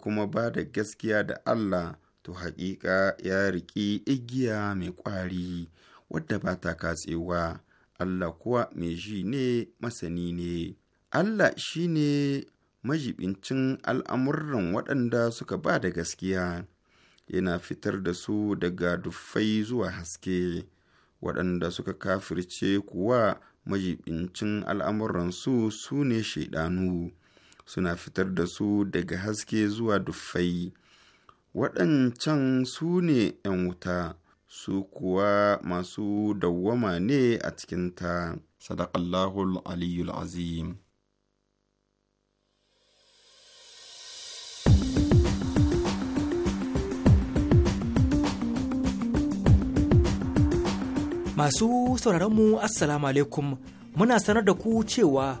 kuma ba da gaskiya da Allah to haƙiƙa ya riƙi igiya mai ƙwari wadda ba ta katsewa Allah kuwa mai ji ne masani ne Allah shi ne majibincin al'amuran waɗanda suka ba da gaskiya yana fitar da su daga duffai zuwa haske waɗanda suka kafirce kuwa majibincin al'amuransu su ne shaidanu suna fitar da su daga haske zuwa duffai waɗancan su ne ‘yan wuta su kuwa masu dawwama ne a cikinta sadakallahul aliyul azim masu sauraronmu assalamu alaikum muna sanar da ku cewa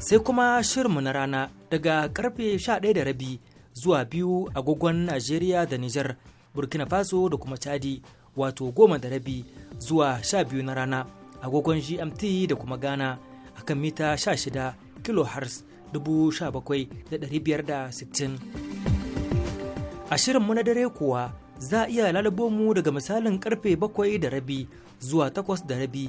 sai kuma shirinmu na rana daga karfe 11 da rabi zuwa biyu agogon Najeriya da Nijar Burkina Faso da kuma Chadi wato goma da rabi zuwa 12 na rana agogon GMT da kuma Ghana akan mita 16 kilohertz 17,560 a shirinmu na dare kuwa za a iya lalabo mu daga misalin karfe 7 da rabi zuwa 8 da rabi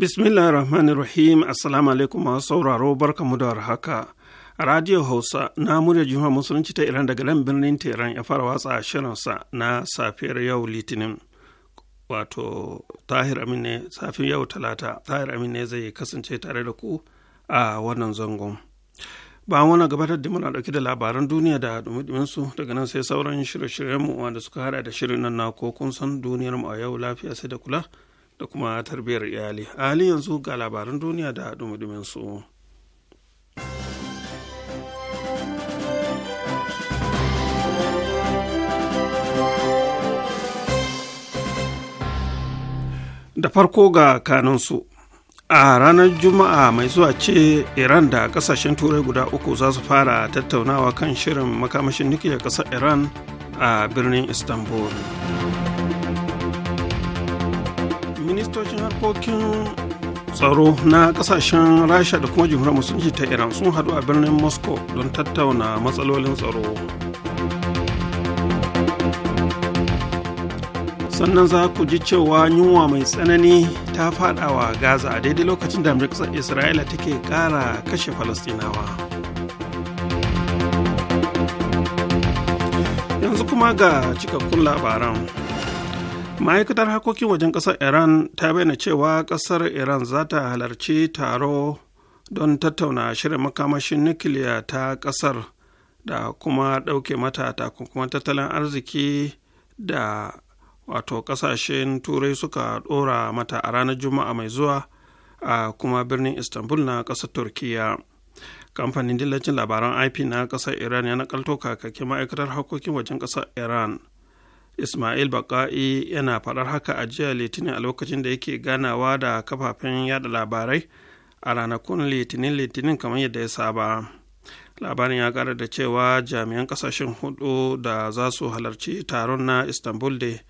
Bismillah rahmanir rahim assalamu alaikum masu sauraro barkamu da warhaka. Radio Hausa na murya Jihar Musulunci ta Iran daga nan birnin Tehran ya fara watsa shirinsa na safiyar yau Litinin. Wato Tahir Amin ne safin yau Talata, Tahir Amin ne zai kasance tare da ku a wannan zangon. Ba wani gabatar da muna dauke da labaran duniya da dumi su daga nan sai sauran shirye-shiryenmu wanda suka hada da shirin nan na ko kun san duniyarmu a yau lafiya sai da kula. da kuma tarbiyyar iyali a halin yanzu ga labaran duniya da dumudumin su da farko ga kanansu a ranar juma'a mai zuwa ce iran da kasashen turai guda uku za su fara tattaunawa kan shirin makamashin nukiliyar ƙasar iran a birnin istanbul harkokin tsaro na kasashen rasha da kuma jamhuriyar musulunci ta iran sun hadu a birnin moscow don tattauna matsalolin tsaro sannan za ku ji cewa yunwa mai tsanani ta fadawa gaza a daidai lokacin da amurka isra'ila take kara kashe falastinawa yanzu kuma ga cikakkun labaran ma'aikatar harkokin wajen ƙasar iran ta bayyana cewa ƙasar iran za ta halarci taro don tattauna shirin makamashin nukiliya ta ƙasar da kuma ɗauke mata takunkuman tattalin arziki da wato ƙasashen turai suka ɗora mata a ranar juma'a mai zuwa a kuma birnin istanbul na ƙasar turkiya kamfanin dillacin labaran ip na ƙasar iran ya nakalto kakakin ma'aikatar harkokin wajen ƙasar iran ismail baka'i yana faɗar haka a jiya litinin a lokacin da yake ganawa da kafafen yada labarai a ranakun litinin litinin kamar yadda ya saba labarin ya ƙara da cewa jami'an ƙasashen hudu da za su halarci taron na istanbul da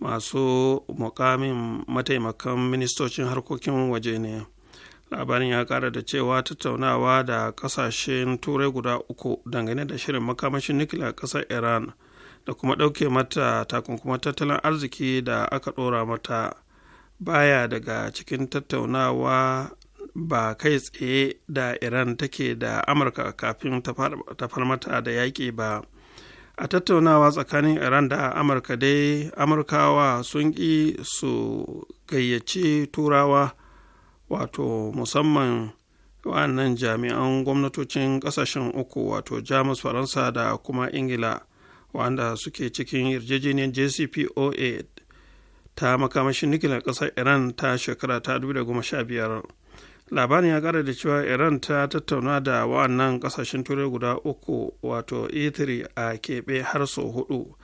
masu mukamin mataimakan ministocin harkokin waje ne labarin ya ƙara da cewa tattaunawa da kasashen turai guda uku dangane da shirin makamashin nukiliyar ƙasar iran da kuma ɗauke mata takunkuma tattalin arziki da aka ɗora mata baya daga cikin tattaunawa ba kai tsaye da iran take da amurka kafin tafar mata da yaƙi ba a tattaunawa tsakanin iran da amurka dai amurkawa sun ƙi su gayyaci turawa wato musamman wa'annan jami'an gwamnatocin ƙasashen uku wato jamus faransa da kuma ingila wanda suke cikin yarjejeniyar jcpoa ta makamashin nukiliyar ƙasar iran ta shekara ta 2015 labarin ya kara da cewa iran ta tattauna da wa'annan ƙasashen turai guda uku wato e3 a keɓe har sau hudu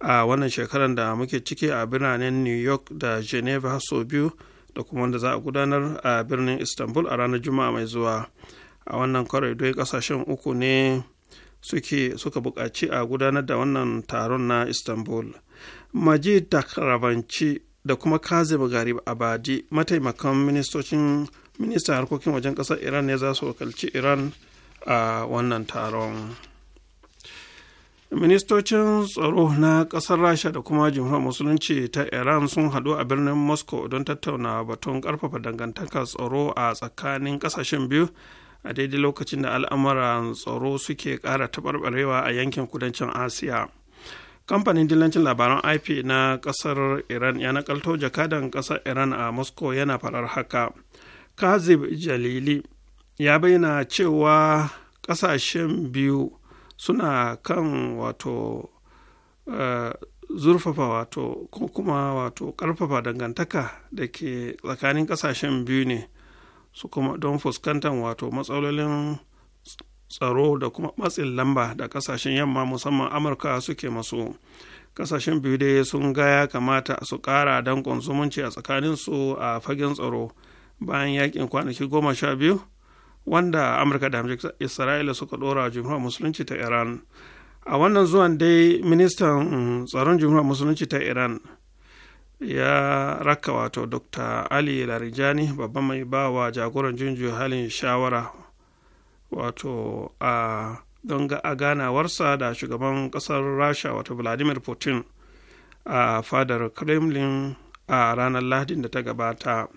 a wannan shekarar da muke ciki a biranen new york da geneva har sau biyu da kuma wanda za a gudanar a birnin istanbul a ranar juma'a mai zuwa a wannan kwarai kasashen uku ne suke suka buƙaci a gudanar da wannan taron na istanbul maji takrabanci da kuma kazim garib abadi mataimakan ministocin ministan harkokin wajen ƙasar iran ne za su wakalci iran a wannan taron ministocin tsaro na ƙasar rasha da kuma jimhuriyar musulunci ta iran sun haɗu a birnin moscow don tattauna batun ƙarfafa dangantakar tsaro a tsakanin ƙasashen biyu a daidai lokacin da al'amuran tsaro suke ƙara taɓarɓarewa a yankin kudancin asiya kamfanin dillancin labaran ip na ƙasar iran ya nakalto jakadan ƙasar iran a moscow yana farar haka kazib jalili ya bayyana cewa ƙasashen biyu suna kan wato uh, zurfafa wato ko kuma wato ƙarfafa dangantaka da ke tsakanin ƙasashen biyu ne su kuma don fuskantar wato matsalolin tsaro da kuma matsin lamba da kasashen yamma musamman amurka suke masu kasashen biyu dai sun gaya kamata su kara dankon zumunci a tsakaninsu a fagen tsaro bayan yakin kwanaki goma sha biyu wanda amurka da isra'ila suka dora jumhuriyar musulunci ta iran a wannan zuwan dai ministan tsaron jumhuriyar musulunci ta iran ya raka wato dr ali larijani babban mai ba wa jagoran junju halin shawara wato a don a ganawarsa da shugaban kasar rasha wato vladimir putin a fadar kremlin a ranar lahadin da ta gabata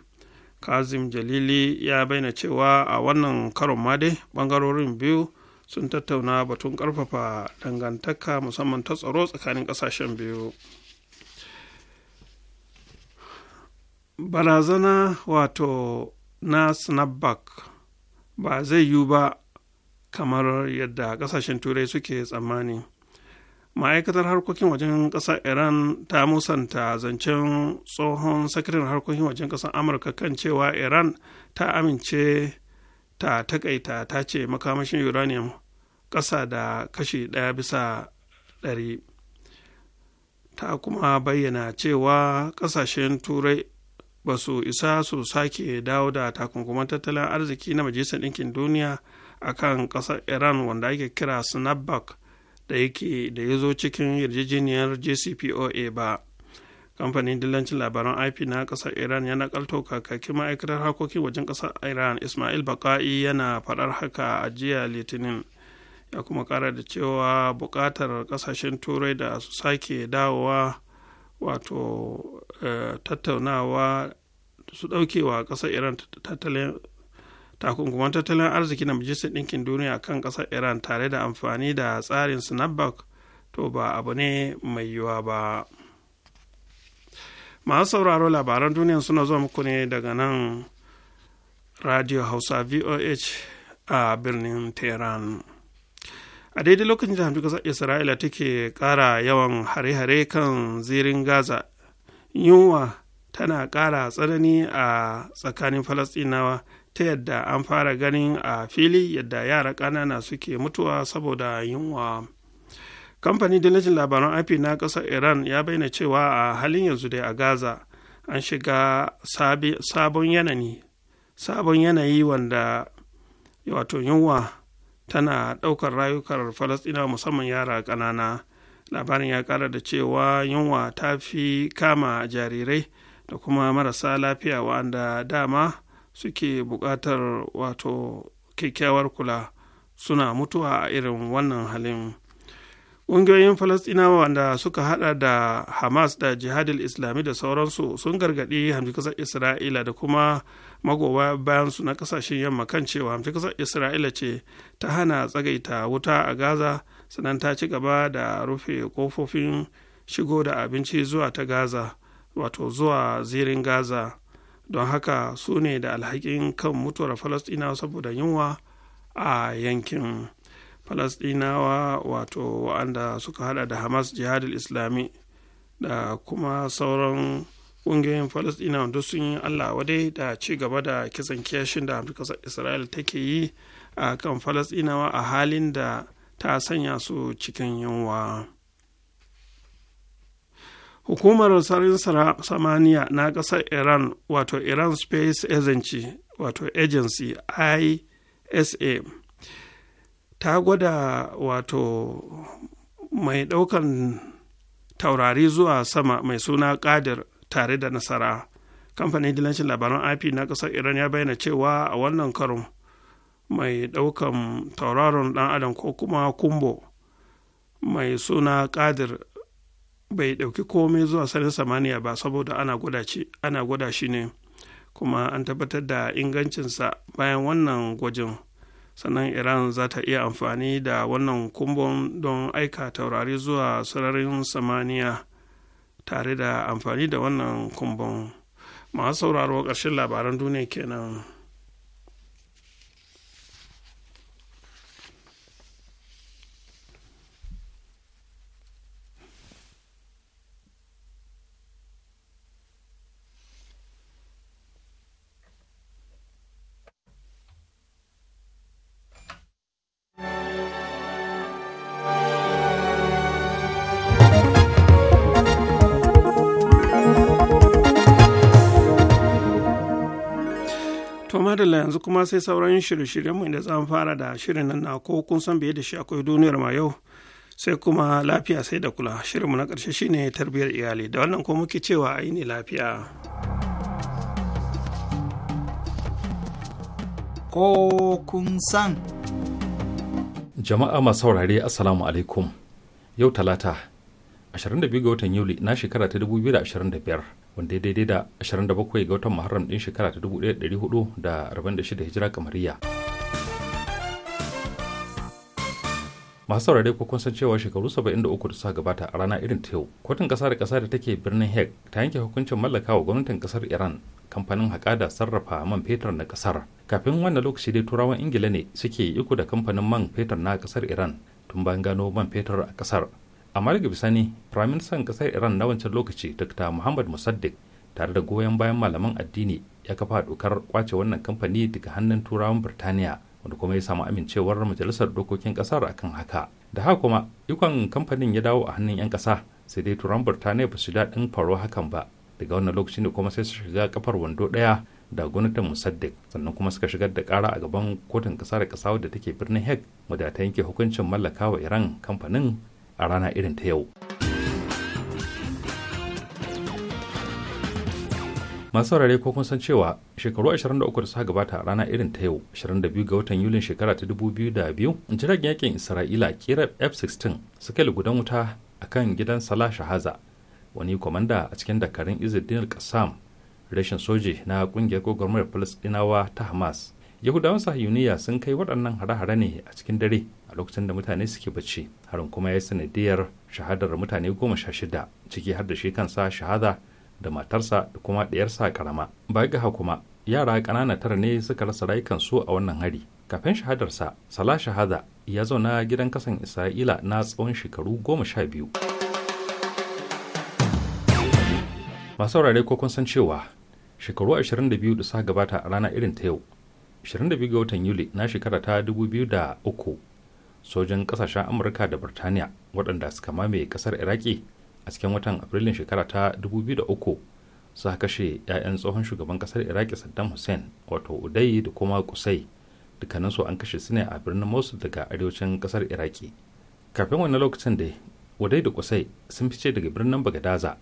kazim jalili ya bayyana cewa a wannan karon made bangarorin biyu sun tattauna batun karfafa dangantaka musamman ta tsaro tsakanin kasashen biyu barazana wato na snapback ba zai yiwu ba kamar yadda kasashen turai suke tsammani ma'aikatar harkokin wajen ƙasar iran ta musanta zancen tsohon sakirin harkokin wajen ƙasar amurka kan cewa iran ta amince ta takaita ta ce makamashin uranium ƙasa da kashi ɗaya bisa ɗari ta kuma bayyana cewa ƙasashen turai ba su isa su sake dawo da takunkuman tattalin arziki na majalisar ɗinkin duniya a kan ƙasar iran wanda ake kira snapback da yake da ya zo cikin yarjejeniyar jcpoa ba kamfanin dillancin labaran ip na ƙasar iran ya nakalto kakakin ma'aikatar harkokin wajen ƙasar iran ismail baka'i yana faɗar haka a jiya litinin ya kuma ƙara da cewa buƙatar ƙasashen turai da su sake dawowa wato eh, tattaunawa su ɗaukewa ƙasar iran tattalin takunkuman tattalin arziki na majalisar ɗinkin duniya kan ƙasar iran tare da amfani da tsarin snapback to ba abu ne mai yiwuwa ba masu sauraro labaran duniya suna zuwa muku ne daga nan radio hausa voh a birnin tehran a daidai lokacin da hamdu kasar isra'ila take kara yawan hare-hare kan zirin gaza yunwa tana kara tsanani a tsakanin falastinawa ta yadda an fara ganin a fili yadda yara ƙanana suke mutuwa saboda yunwa kamfanin dillacin labaran ip na ƙasar iran ya bayyana cewa a halin yanzu dai a gaza an shiga sabon yanayi yanayi wanda wato yunwa tana ɗaukar rayukar falasɗinawa musamman yara ƙanana labarin ya ƙara da cewa yunwa ta fi kama jarirai da kuma marasa lafiya wa'anda dama suke buƙatar wato kyakkyawar kula suna mutuwa a irin wannan halin ƙungiyoyin falasɗinawa wanda suka haɗa da hamas da jihadil islami da sauransu sun gargaɗi hamjikasar isra'ila da kuma magoba bayansu na kasashen yamma kan cewa hamci kasar isra'ila ce ta hana tsagaita wuta a gaza sannan ta ci gaba da rufe kofofin shigo da abinci zuwa ta gaza wato zuwa zirin gaza don haka su ne da alhakin kan mutuwar falastinawa saboda yunwa a yankin falastinawa wato wa'anda suka hada da hamas jihadul islami da kuma sauran ƙungiyoyin falasdina duk sun yi allah wadai da ci gaba da kisan kiyashin da ƙasar isra'il take yi a kan falasɗinawa a halin da ta sanya su cikin yunwa hukumar sarin samaniya na ƙasar iran wato iran space agency wato agency isa ta gwada wato mai ɗaukan taurari zuwa sama mai suna ƙadir tare da nasara kamfanin dilancin labaran ip na ƙasar iran ya bayyana cewa a wannan karon mai ɗaukan tauraron ɗan adam ko kuma kumbo mai suna kadir bai ɗauki komai zuwa sanin samaniya ba saboda ana gwada shi ne kuma an tabbatar da ingancinsa bayan wannan gwajin sannan iran za ta iya amfani da wannan kumbon don aika taurari zuwa sararin samaniya tare da amfani da wannan kumbon masu sauraro ƙarshen labaran duniya kenan. yanzu kuma sai sauran shirye-shiryenmu inda zan fara da shirin nan na ko kun san biye da shi akwai duniyar ma yau sai kuma lafiya sai da kula shirinmu na ƙarshe shine tarbiyyar iyali da wannan ko muke cewa a ne lafiya ko kun san jama'a masu saurare assalamu alaikum yau talata 22 ga watan yuli na shekara ta 2025 wanda ya daidai da 27 ga watan muharram din shekara ta 1446 hijira kamariya masu saurari ko kun san cewa shekaru 73 da suka gabata a rana irin ta yau kotun kasa da kasa da take birnin hague ta yanke hukuncin mallaka wa gwamnatin kasar iran kamfanin haƙa da sarrafa man fetur na kasar kafin wannan lokaci dai turawan ingila ne suke iko da kamfanin man fetur na kasar iran tun bayan gano man fetur a kasar amma ga bisani firaministan kasar iran na wancan lokaci dr muhammad musaddiq tare da goyon bayan malaman addini ya kafa dokar kwace wannan kamfani daga hannun turawan birtaniya wanda kuma ya samu amincewar majalisar dokokin kasar akan haka da haka kuma ikon kamfanin ya dawo a hannun 'yan kasa sai dai turawan birtaniya ba su daɗin faro hakan ba daga wannan lokaci ne kuma sai su shiga kafar wando ɗaya da gwamnatin musaddik sannan kuma suka shigar da kara a gaban kotun ƙasa da ƙasa wadda take birnin hek wadda ta yanke hukuncin mallaka wa iran kamfanin a rana irin ta yau masu saurare ko kun san cewa shekaru 23 da suka gabata a rana irin ta yau 22 ga watan yulin shekara ta 2002 jiragen yakin isra'ila kira f-16 suka gudan wuta a kan gidan salah shahaza wani kwamanda a cikin dakarun izidin kasam rashin soji na kungiyar gwamnatin palestinawa ta hamas yahudawan sahiyuniya sun kai waɗannan hare-hare ne a cikin dare lokacin da mutane suke bacci harin kuma ya yi sanadiyar shahadar mutane goma sha shida ciki har da shi kansa shahada da matarsa da kuma ɗiyarsa karama baya ga kuma yara ƙanana tara ne suka rasa rayukansu a wannan hari kafin shahadarsa sala shahada ya zauna gidan kasan isra'ila na tsawon shekaru goma sha biyu masu saurare ko kun san cewa shekaru 22 da suka gabata a rana irin ta yau 22 ga watan yuli na shekara ta 2003 sojin kasashen amurka da birtaniya waɗanda suka mamaye kasar iraki a cikin watan afrilun shekara ta 2003 suka kashe 'ya'yan tsohon shugaban kasar iraki saddam hussein wato udai da kuma kusai dukkaninsu an kashe su ne a birnin mosul daga arewacin kasar iraki kafin wannan lokacin da udai da kusai sun fice daga birnin bagadaza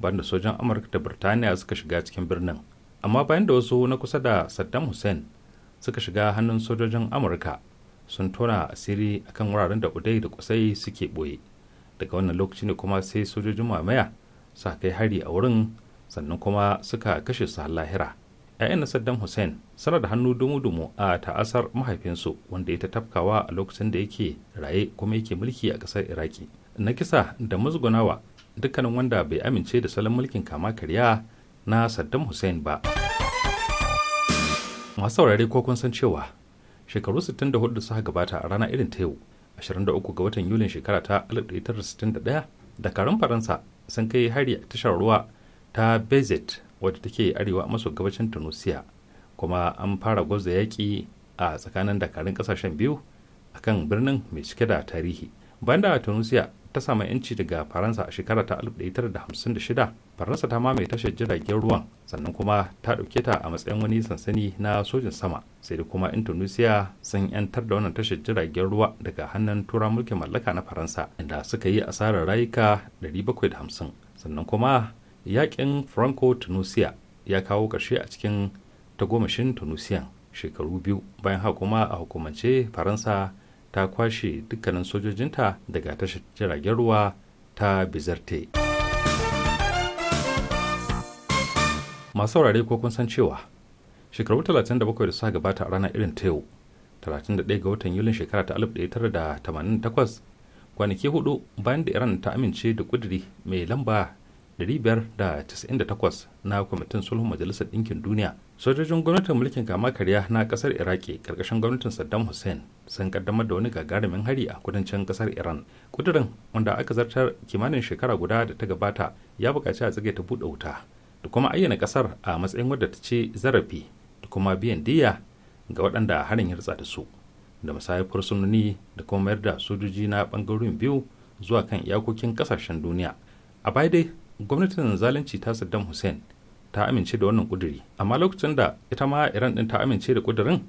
banda sojan amurka da birtaniya suka shiga cikin birnin amma bayan da wasu na kusa da saddam hussein suka shiga hannun sojojin amurka sun tona asiri akan wuraren da udai da kusai suke ɓoye daga wannan lokacin ne kuma sai sojojin mamaya sa kai hari a wurin sannan kuma suka kashe su lahira 'ya'yan na saddam hussein sanar da hannu dumu-dumu a ta'asar mahaifinsu wanda ya ta tafkawa a lokacin da yake raye kuma yake mulki a ƙasar iraki na kisa da musgunawa dukkanin wanda bai amince da salon mulkin kama karya na saddam hussein ba masu saurari ko kun san cewa shekaru 64 suka gabata a rana irin ta yau 23 ga watan yulin shekara ta 1961 dakarun faransa sun kai hari a tashar ruwa ta bezet wadda take arewa maso gabashin tunisia kuma an fara gwaza yaƙi a tsakanin dakarun ƙasashen biyu a kan birnin mai cike da tarihi bayan da tunisia ta samu 'yanci daga faransa a shekara ta 1956 faransa ta mamaye tashar jiragen ruwan sannan kuma ta ɗauke ta a matsayin wani sansani na sojin sama sai da kuma indonesia sun yantar da wannan tashar jiragen ruwa daga hannun tura mulkin mallaka na faransa inda suka yi asarar rayuka 750 sannan kuma yakin franco tunisia ya kawo ƙarshe a cikin tagomashin tunisian shekaru biyu bayan haka kuma a hukumance faransa ta kwashe dukkanin sojojinta daga tashar jiragen ruwa ta bizerte. masu saurare ko kun san cewa shekaru 37 da suka gabata a ranar irin ta yau 31 ga watan yulin shekara ta 1988 kwanaki hudu bayan da iran ta amince da kuduri mai lamba 598 na kwamitin sulhun majalisar ɗinkin duniya sojojin gwamnatin mulkin kama karya na kasar iraki karkashin gwamnatin saddam hussein sun kaddamar da wani gagarumin hari a kudancin kasar iran kudurin wanda aka zartar kimanin shekara guda da ta gabata ya bukaci a tsage ta buɗe wuta da kuma ayyana kasar a matsayin wadda ta ce zarafi da kuma biyan diya ga waɗanda harin ya da su da musayar fursunoni da kuma mayar da sojoji na ɓangarorin biyu zuwa kan iyakokin ƙasashen duniya a baya dai gwamnatin zalunci ta saddam hussein ta amince da wannan kuduri amma lokacin da ita ma iran din ta amince da kudurin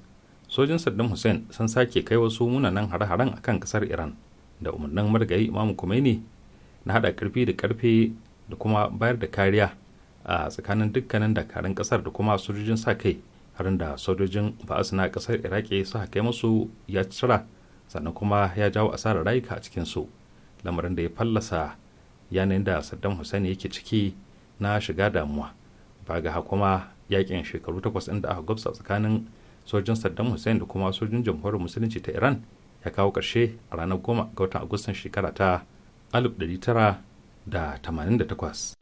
sojin saddam hussein sun sake kai wasu munanan hare-haren kan kasar iran da umarnin marigayi imamu ne na hada karfi da karfe da kuma bayar da kariya a tsakanin dukkanin dakarun kasar da kuma sojojin sa kai harin da sojojin ba'as na kasar iraki suka kai musu ya cira sannan kuma ya jawo asarar rayuka a cikin su lamarin da ya fallasa yanayin da saddam hussein yake ciki na shiga damuwa ba ga kuma yakin shekaru takwas inda aka gwabsa tsakanin sojin saddam hussein da kuma sojin jamhuriyar musulunci ta iran ya kawo karshe a ranar goma ga watan agustan shekara ta 1988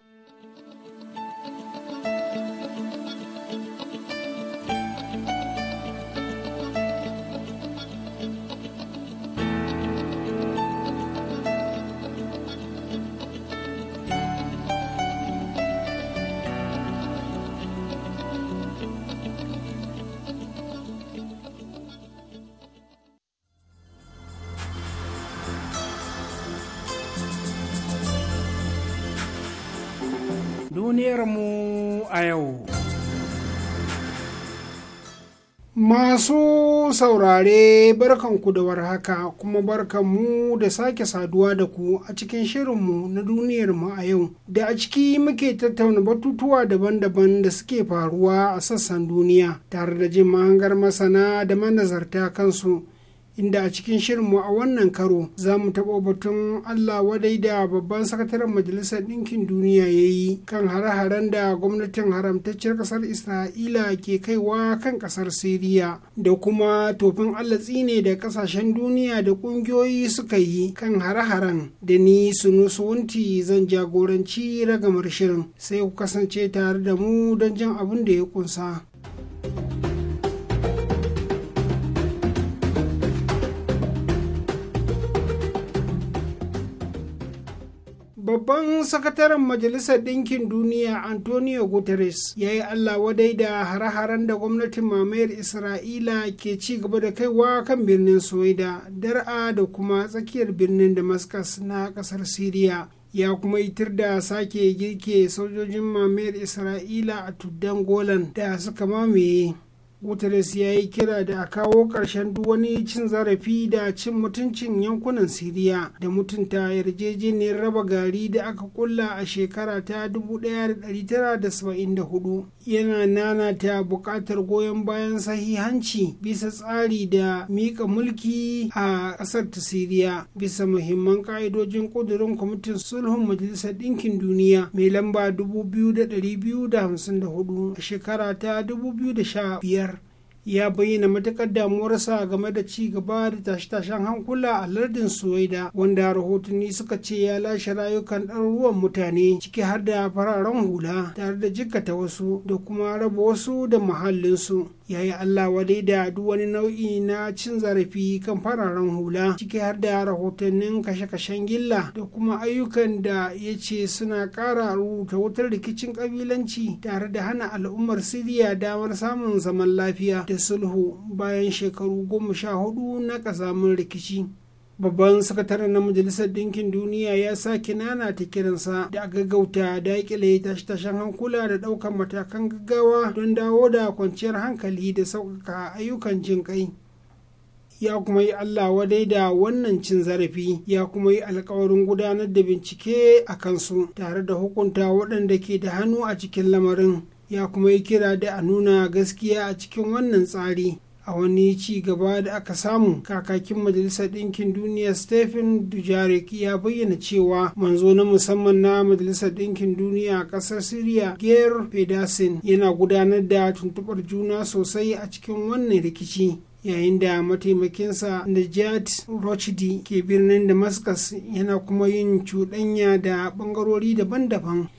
duniyarmu a yau. Masu saurare barkanku da warhaka kuma barkanmu da sake saduwa da ku a cikin shirinmu na duniyarmu a yau da a ciki muke tattauna batutuwa daban-daban da suke faruwa a sassan duniya tare da jin mahangar masana da manazarta kansu inda a cikin shirinmu a wannan karo za mu taɓo batun Allah wadai da babban sakataren majalisar ɗinkin duniya ya yi kan hare-haren da gwamnatin haramtacciyar ƙasar Isra'ila ke kaiwa kan ƙasar Siriya da kuma tofin Allah tsine da ƙasashen duniya da ƙungiyoyi suka yi kan hare-haren da ni sunusuwunti zan jagoranci ragamar shirin sai ku kasance tare da mu don jin abin da ya ƙunsa. Babban sakataren Majalisar Ɗinkin Duniya Antonio Guterres ya yi Allah wadai da hare-haren da gwamnatin mamayar Isra'ila ke ci gaba da kaiwa kan birnin Soida, Dar'a da kuma tsakiyar birnin Damascus na ƙasar Siriya. ya kuma yitar da sake girke sojojin mamayar isra'ila a tuddan golan da suka mamaye guterres ya yi kira da a kawo ƙarshen duk wani cin zarafi da cin mutuncin yankunan siriya da mutunta yarjejeniyar raba gari da aka kulla a shekara ta 1974 yana nanata buƙatar goyon bayan sahihanci bisa tsari da miƙa mulki a ƙasar ta siriya bisa muhimman ƙa'idojin ƙudurin kwamitin sulhun majalisar ɗinkin duniya mai lamba 2254 a shekara ta 2015 ya bayyana matakar damuwarsa game da ci gaba da tashe-tashen hankula a lardin Suwaida, wanda rahotanni suka ce ya lashe rayukan ɗaruruwan mutane ciki har da fararen hula tare da jikkata wasu da kuma raba wasu da muhallinsu ya yi Allah wadai da duk wani nau'i na cin zarafi kan fararen hula ciki har da rahotannin kashe-kashen gilla da kuma ayyukan da ya ce suna ƙara rubuta wutar rikicin ƙabilanci tare da hana al'ummar siriya damar samun zaman lafiya da sulhu bayan shekaru goma sha hudu na ƙazamin rikici babban sakataren na majalisar ɗinkin duniya ya sake ta kiransa da a gaggauta daƙile tashe-tashen hankula da ɗaukar matakan gaggawa don dawo da kwanciyar hankali da sauƙaƙa ayyukan jin kai ya kuma yi Allah wadai da wannan cin zarafi ya kuma yi alkawarin gudanar da bincike a kansu tare da hukunta waɗanda ke da hannu a cikin lamarin ya kuma yi kira da a nuna gaskiya a cikin wannan tsari a wani ci gaba da aka samu kakakin majalisar ɗinkin duniya stephen dujarik ya bayyana cewa manzo na musamman na majalisar ɗinkin duniya a ƙasar siriya ger pedersen yana gudanar da tuntuɓar juna sosai a cikin wannan rikici yayin da mataimakinsa Najat Rochdi ke birnin Damascus yana kuma yin cuɗanya da ɓangarori daban-daban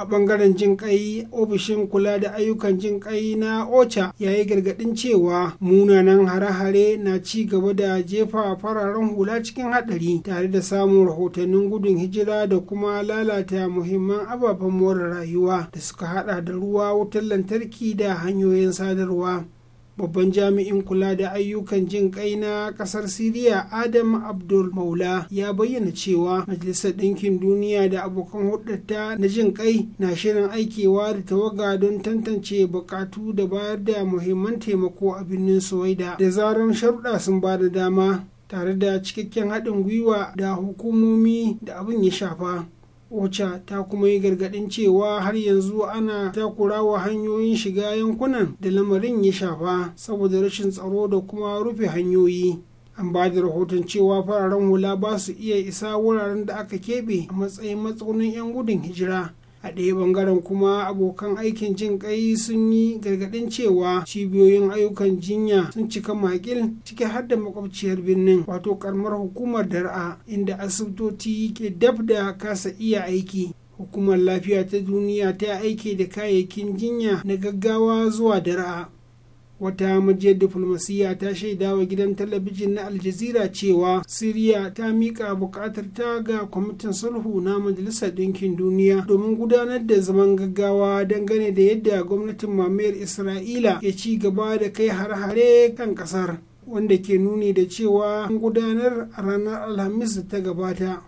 a bangaren jin kai ofishin kula da ayyukan jin kai na ocha ya yi gargadin cewa munanan hare-hare na ci gaba da jefa fararen hula cikin hadari tare da samun rahotannin gudun hijira da kuma lalata muhimman ababen more rayuwa da suka hada da ruwa wutar lantarki da hanyoyin sadarwa babban jami'in kula da ayyukan jin kai na kasar siriya adam abdul maula ya bayyana cewa majalisar ɗinkin duniya da abokan hudata na jin kai na shirin aikewa da tawaga don tantance bukatu da bayar da muhimman taimako a birnin suwaida da zaran sharuɗa sun ba da dama tare da cikakken haɗin gwiwa da hukumomi da abin ya shafa ocha ta kuma yi gargaɗin cewa har yanzu ana takurawa hanyoyin shiga yankunan da lamarin ya shafa saboda rashin tsaro da kuma rufe hanyoyi an ba da rahoton cewa fararen hula ba su iya isa wuraren da aka keɓe a matsayin matsaunin 'yan gudun hijira a ɗaya bangaren kuma abokan aikin jin ƙai sun yi gargaɗin cewa cibiyoyin ayyukan jinya sun cika makil ciki har da makwabciyar birnin wato karamar hukumar dar'a inda asibitoci ke dab da kasa iya aiki hukumar lafiya ta duniya ta aiki da kayayyakin jinya na gaggawa zuwa dar'a wata majiyar diflomasiyya ta shaida wa gidan talabijin na aljazira cewa siriya ta miƙa buƙatar ta ga kwamitin sulhu na majalisar ɗinkin duniya domin gudanar da zaman gaggawa dangane da yadda gwamnatin mamayar isra'ila ya ci gaba da kai har-hare kan ƙasar wanda ke nuni da cewa gudanar a ranar alhamis da ta gabata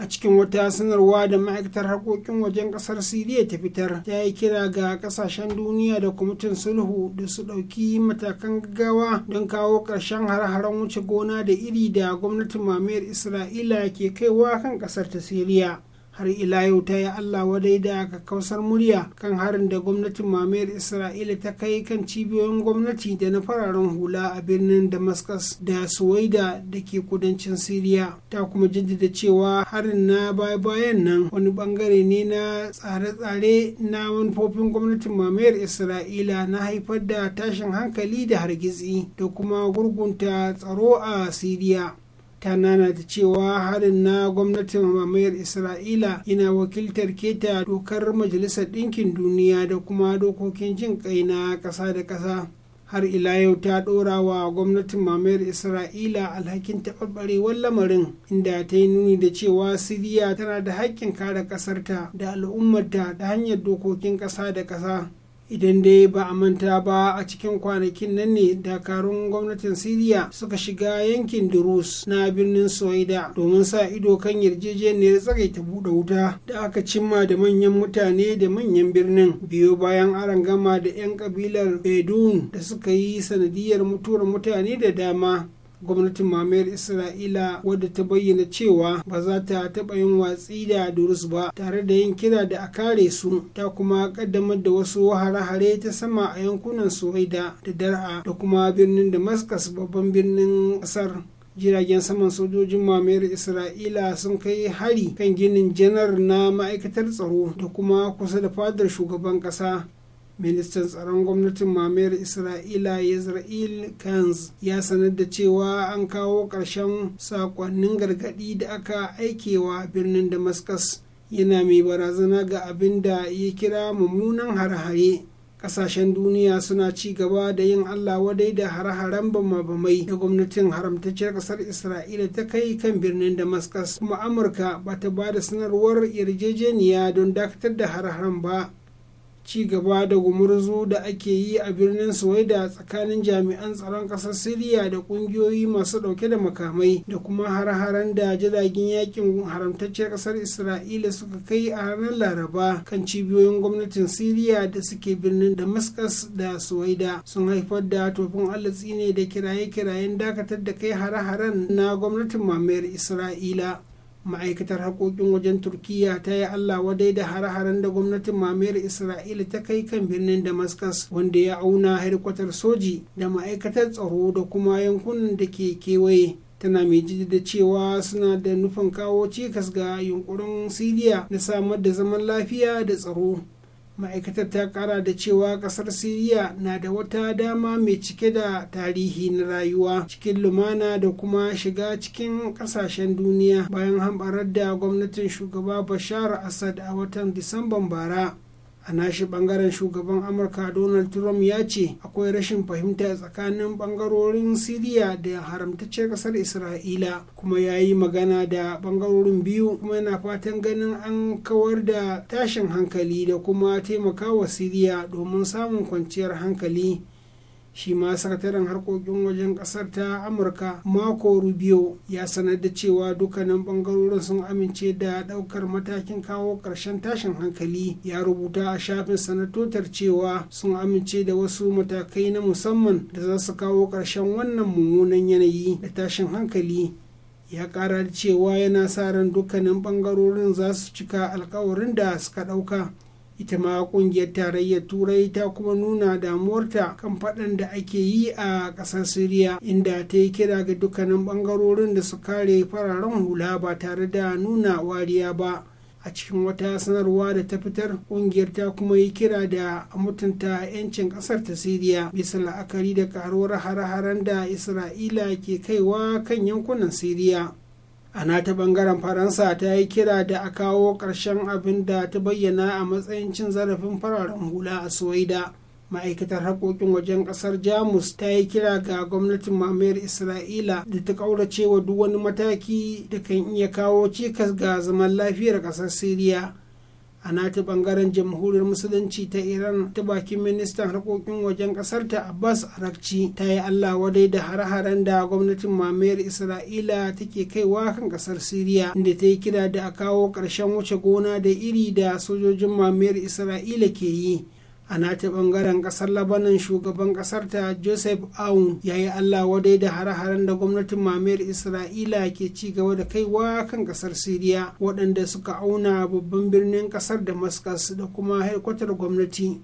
a cikin wata sanarwa da ma'aikatar harkokin wajen kasar siriya ta fitar ta yi kira ga kasashen duniya da kwamitin sulhu da su ɗauki matakan gaggawa don kawo ƙarshen har-haren wuce gona da iri da gwamnatin mamayar isra'ila ke kaiwa kan ƙasar ta siriya har ila yau ta yi allah wadai da kausar murya kan harin da gwamnatin mamayar isra'ila ta kai kan cibiyoyin gwamnati da na fararen hula a birnin damascus da suwaida da ke kudancin siriya ta kuma jaddada cewa harin na baya-bayan nan wani bangare ne na tsare-tsare na manufofin gwamnatin mamayar isra'ila na haifar da tashin hankali da hargitsi da kuma gurgunta tsaro a siriya ta da cewa harin na gwamnatin mamayar isra'ila yana wakiltar keta dokar majalisar ɗinkin duniya da kuma dokokin jin kai na ƙasa da ƙasa har ila yau ta ɗora wa gwamnatin mamayar isra'ila alhakin taɓarɓarewar lamarin inda ta yi nuni da cewa siriya tana da haƙƙin kare ƙasarta da al'ummarta ta hanyar dokokin ƙasa da ƙasa idan dai ba a manta ba a cikin kwanakin nan ne dakarun gwamnatin siriya suka shiga yankin durus na birnin soida domin sa ido kan yarjejeniyar ta buɗe wuta da aka cimma da manyan mutane da manyan birnin biyo bayan aron gama da 'yan kabilar bedouin da suka yi sanadiyar mutuwar mutane da dama gwamnatin mamayar isra'ila wadda ta bayyana cewa ba za ta taɓa yin watsi da durus ba tare da yin kira da a kare su ta kuma ƙaddamar da wasu hare-hare ta sama a yankunan suwaida da dar'a da kuma birnin damascus babban birnin ƙasar jiragen saman sojojin mamayar isra'ila sun kai hari kan ginin janar na ma'aikatar tsaro da kuma kusa da fadar shugaban ƙasa ministan tsaron gwamnatin mamayar isra'ila yisra'il kanz ya sanar da cewa an kawo ƙarshen sakonnin gargaɗi da aka aikewa birnin damascus yana mai barazana ga abin da ya kira mummunan harhare. Ƙasashen duniya suna ci gaba da yin allah wadai da hare-haren bama-bamai da gwamnatin haramtacciyar ƙasar isra'ila ta kai kan birnin damascus kuma amurka ba ta ba da sanarwar yarjejeniya don dakatar da hare ba ci gaba da gumurzu da ake yi a birnin suwaida tsakanin jami'an tsaron ƙasar siriya da ƙungiyoyi masu ɗauke da makamai da kuma har-haren da jiragen yakin haramtacciyar ƙasar isra'ila suka kai a ranar laraba kan cibiyoyin gwamnatin siriya da suke birnin damascus da suwaida sun haifar da tofin alatsi ne da kiraye-kirayen dakatar da kai har-haren na gwamnatin mamayar isra'ila ma'aikatar haƙoƙin wajen turkiya ta yi allah wadai da hare-haren da gwamnatin mamayar isra'ila ta kai kan birnin damascus wanda ya auna harkwatar soji da ma'aikatar tsaro da kuma yankunan da ke kewaye tana mai da cewa suna da nufin kawo cikas ga yunkurin siriya na samar da zaman lafiya da tsaro ma'aikatar ta kara da cewa kasar siriya na da wata dama mai cike da tarihi na rayuwa cikin lumana da kuma shiga cikin kasashen duniya bayan hambarar da gwamnatin shugaba bashar assad a watan disamban bara a nashi bangaren shugaban amurka donald trump ya ce akwai rashin fahimta tsakanin bangarorin siriya da haramtacciyar kasar isra'ila kuma ya yi magana da bangarorin biyu kuma yana fatan ganin an kawar da tashin hankali da kuma taimakawa siriya domin samun kwanciyar hankali shi ma sakataren harkokin wajen kasar ta amurka mako rubio ya sanar da cewa dukkanin bangarorin sun amince da daukar matakin kawo karshen tashin hankali ya rubuta a shafin sanatotar cewa sun amince da wasu matakai na musamman da za su kawo karshen wannan mummunan yanayi da tashin hankali ya kara cewa yana sa ran dukkanin bangarorin za su cika alkawarin da suka dauka ita ma kungiyar tarayyar turai ta kuma nuna damuwarta kan faɗan da ake yi a ƙasar siriya inda ta yi kira ga dukkanin ɓangarorin da su kare fararen hula ba tare da nuna wariya ba a cikin wata sanarwa da ta fitar kungiyar ta kuma yi kira da mutunta 'yancin ƙasar ta siriya bisa la'akari da karuwar hare-haren da isra'ila ke kaiwa kan yankunan siriya a ta bangaren faransa ta yi kira da a kawo ƙarshen abin da ta bayyana a matsayin cin zarafin fararen hula a Suwaida. ma'aikatar haƙoƙin wajen ƙasar jamus ta yi kira ga gwamnatin mamayar isra'ila da ta ƙaurace duk wani mataki da kan iya kawo cikas ga zaman lafiyar ƙasar siriya a nata bangaren jamhuriyar musulunci ta iran ta bakin ministan harkokin wajen kasarta abbas arakci ta yi allah wadai da hare-haren da gwamnatin mamayar isra'ila take kaiwa kan kasar siriya inda ta yi kira da a kawo ƙarshen wuce gona da iri da sojojin mamayar isra'ila ke yi a nata bangaren kasar labanan shugaban kasar ta joseph aun ya yi allah wadai da hare-haren da gwamnatin mamayar isra'ila ke ci gaba da kaiwa kan kasar siriya waɗanda suka auna babban birnin kasar damascus da kuma haikwatar gwamnati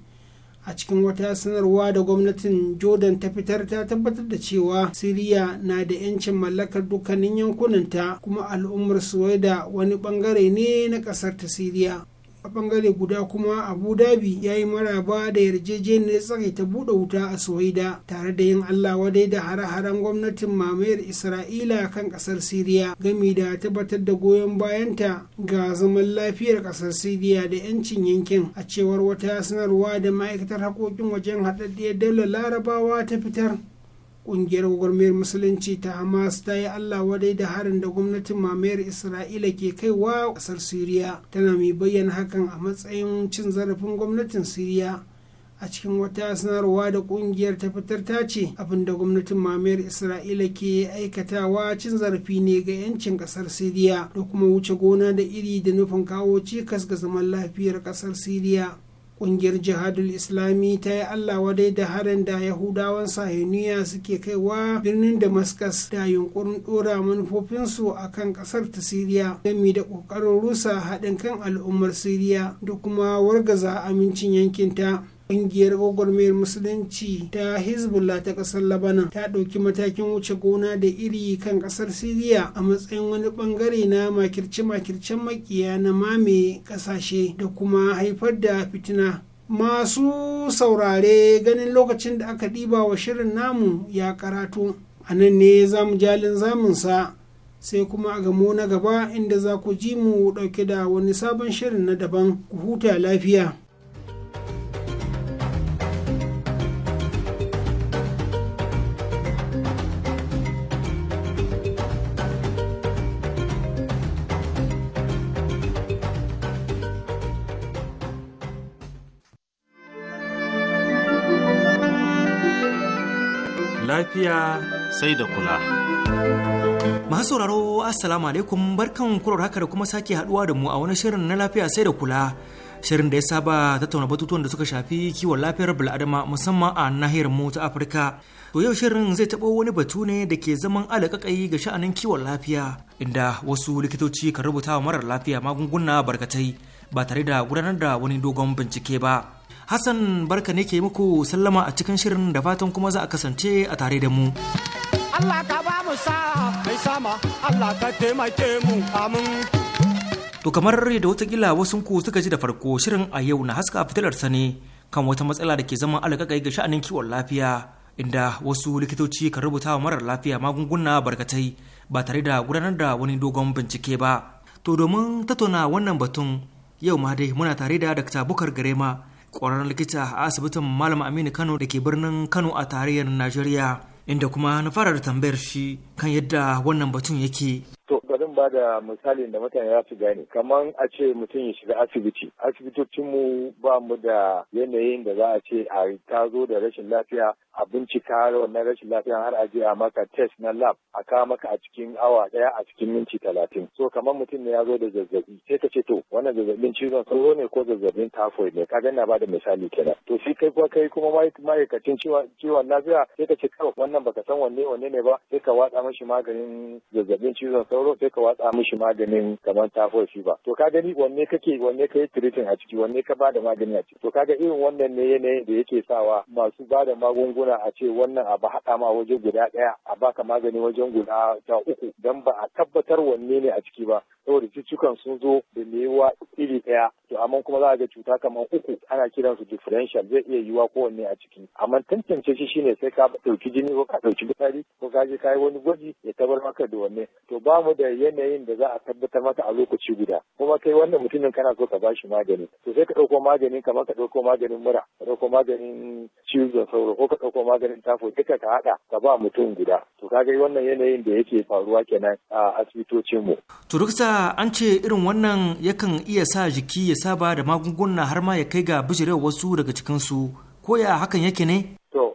a cikin wata sanarwa da gwamnatin jordan ta fitar ta tabbatar da cewa siriya na da 'yancin mallakar dukkanin yankunanta kuma al'ummar suwaida wani bangare ne na kasar ta siriya a bangare guda kuma abu dhabi ya yi maraba da yarjejeniyar ta buɗe wuta a soyida tare da yin allah wadai da hare-haren gwamnatin mamayar isra'ila kan ƙasar siriya gami da tabbatar da goyon bayanta ga zaman lafiyar ƙasar siriya da 'yancin yankin a cewar wata sanarwa da ma'aikatar haƙoƙin wajen haɗaɗɗiyar dala larabawa ta fitar kungiyar gwagwarmayar musulunci ta hamas ta yi allah wadai da harin da gwamnatin mamayar isra'ila ke kaiwa kasar siriya tana mai bayyana hakan a matsayin cin zarafin gwamnatin siriya a cikin wata sanarwa da kungiyar ta fitar ta ce abin da gwamnatin mamayar isra'ila ke aikatawa cin zarafi ne ga 'yancin kasar siriya da kuma wuce gona da iri da nufin kawo cikas ga zaman lafiyar kasar siriya ƙungiyar jihadul islami ta yi allah wadai da harin da yahudawan sahiniya suke kaiwa birnin damascus da yunkurin dora manufofinsu a kan ƙasar ta siriya gami da ƙoƙarin rusa haɗin kan al'ummar siriya da kuma wargaza amincin yankinta Ƙungiyar gwagwarmayar Musulunci ta Hezbollah ta ƙasar Labanan ta ɗauki matakin wuce gona da iri kan ƙasar Siriya a matsayin wani bangare na makirce-makircen makiya na mame ƙasashe da kuma haifar da fitina. Masu saurare ganin lokacin da aka ɗiba wa shirin namu ya karatu. A nan ne za mu jalin zamunsa sai kuma a gamo na gaba inda za ku ji mu ɗauke da wani sabon shirin na daban ku huta lafiya. lafiya sai da kula. Masu sauraro Assalamu alaikum barkan kurar haka da kuma sake haduwa da mu a wani shirin na lafiya sai da kula. Shirin da ya saba tattauna batutuwan da suka shafi kiwon lafiyar bil'adama musamman a nahiyar mu ta Afirka. To yau shirin zai taɓo wani batu ne da ke zaman alaƙaƙai ga sha'anin kiwon lafiya inda wasu likitoci kan rubuta wa marar lafiya magunguna barkatai ba tare da gudanar da wani dogon bincike ba. Hassan barka ne ke muku sallama a cikin shirin da fatan kuma za a kasance a tare da mu. Allah ka ba mu mai sama Allah ka taimake mu amin. To kamar da watakila wasu ku suka ji da farko shirin a yau na haska fitilar sani kan wata matsala da ke zama alkakai ga sha'anin kiwon lafiya inda wasu likitoci kan rubuta wa marar lafiya magunguna barkatai ba tare da gudanar da wani dogon bincike ba. To domin tattauna wannan batun yau ma dai muna tare da Dr. Bukar Garema ƙwararren likita a asibitin malam aminu kano da ke birnin kano a tarayyar najeriya inda kuma na fara da tambayar shi kan yadda wannan batun yake To bari ba da misalin da mutane za su gane kamar a ce mutum ya shiga asibiti asibitocinmu ba mu da yanayin da za a ce a ta zo da rashin lafiya a bincika wannan rashin lafiya har a je a maka test na lab a kawo maka a cikin awa daya a cikin minti talatin so kamar mutum ne ya zo da zazzabi sai ka ce to wannan zazzabin cizon sauro ne ko zazzabin typhoid ne ka na ba misali kenan to shi kai kuma kai kuma ma'aikacin ciwon lafiya sai ka ce kawai wannan baka san wanne wanne ne ba sai ka watsa mashi maganin zazzabin cizon sauro sauro sai ka watsa mishi maganin kamar typhoid fever to ka gani wanne kake wanne ka yi treating a ciki wanne ka ba da magani a ciki to kaga irin wannan ne yanayin da yake sawa masu ba da magunguna a ce wannan abu haɗa ma waje guda ɗaya a baka magani wajen guda ta uku dan ba a tabbatar wanne ne a ciki ba saboda cutukan sun zo da mewa iri ɗaya to amma kuma za a ga cuta kamar uku ana su differential zai iya yiwa kowanne a ciki amma tantance shi shine sai ka ɗauki jini ko ka ɗauki fitsari ko ka je ka yi wani gwaji ya tabbatar maka da wanne to ba mu da yanayin da za a tabbatar maka a lokaci guda kuma kai wannan mutumin kana so ka bashi magani to sai ka ɗauko magani kamar ka ɗauko maganin mura ka ɗauko maganin cizon sauro ko ka ɗauko maganin tafo duka ka haɗa ka ba mutum guda to kaga wannan yanayin da yake faruwa kenan a asibitocin mu. to an ce irin wannan yakan iya sa jiki ya saba da magunguna har ma ya kai ga bijirewa wasu daga cikinsu ko ya hakan yake ne? to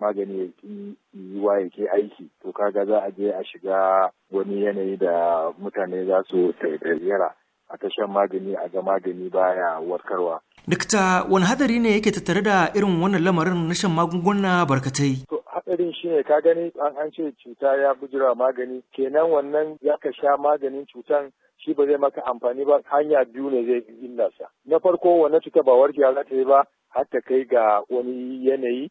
magani ya ki yiwa ya ke aiki to kaga za a je a shiga wani yanayi da mutane za su tarayyara a tashan magani a ga magani baya warkarwa. Dikta wani hadari ne yake tattare da irin wannan lamarin na shan magunguna barkatai? hadarin shi ne ka gani an an ce cuta ya bujira magani kenan wannan ya ka sha maganin cutan shi ba zai maka amfani ba hanya biyu ne zai illa sa na farko wannan cuta ba warkewa za ta yi ba har ta kai ga wani yanayi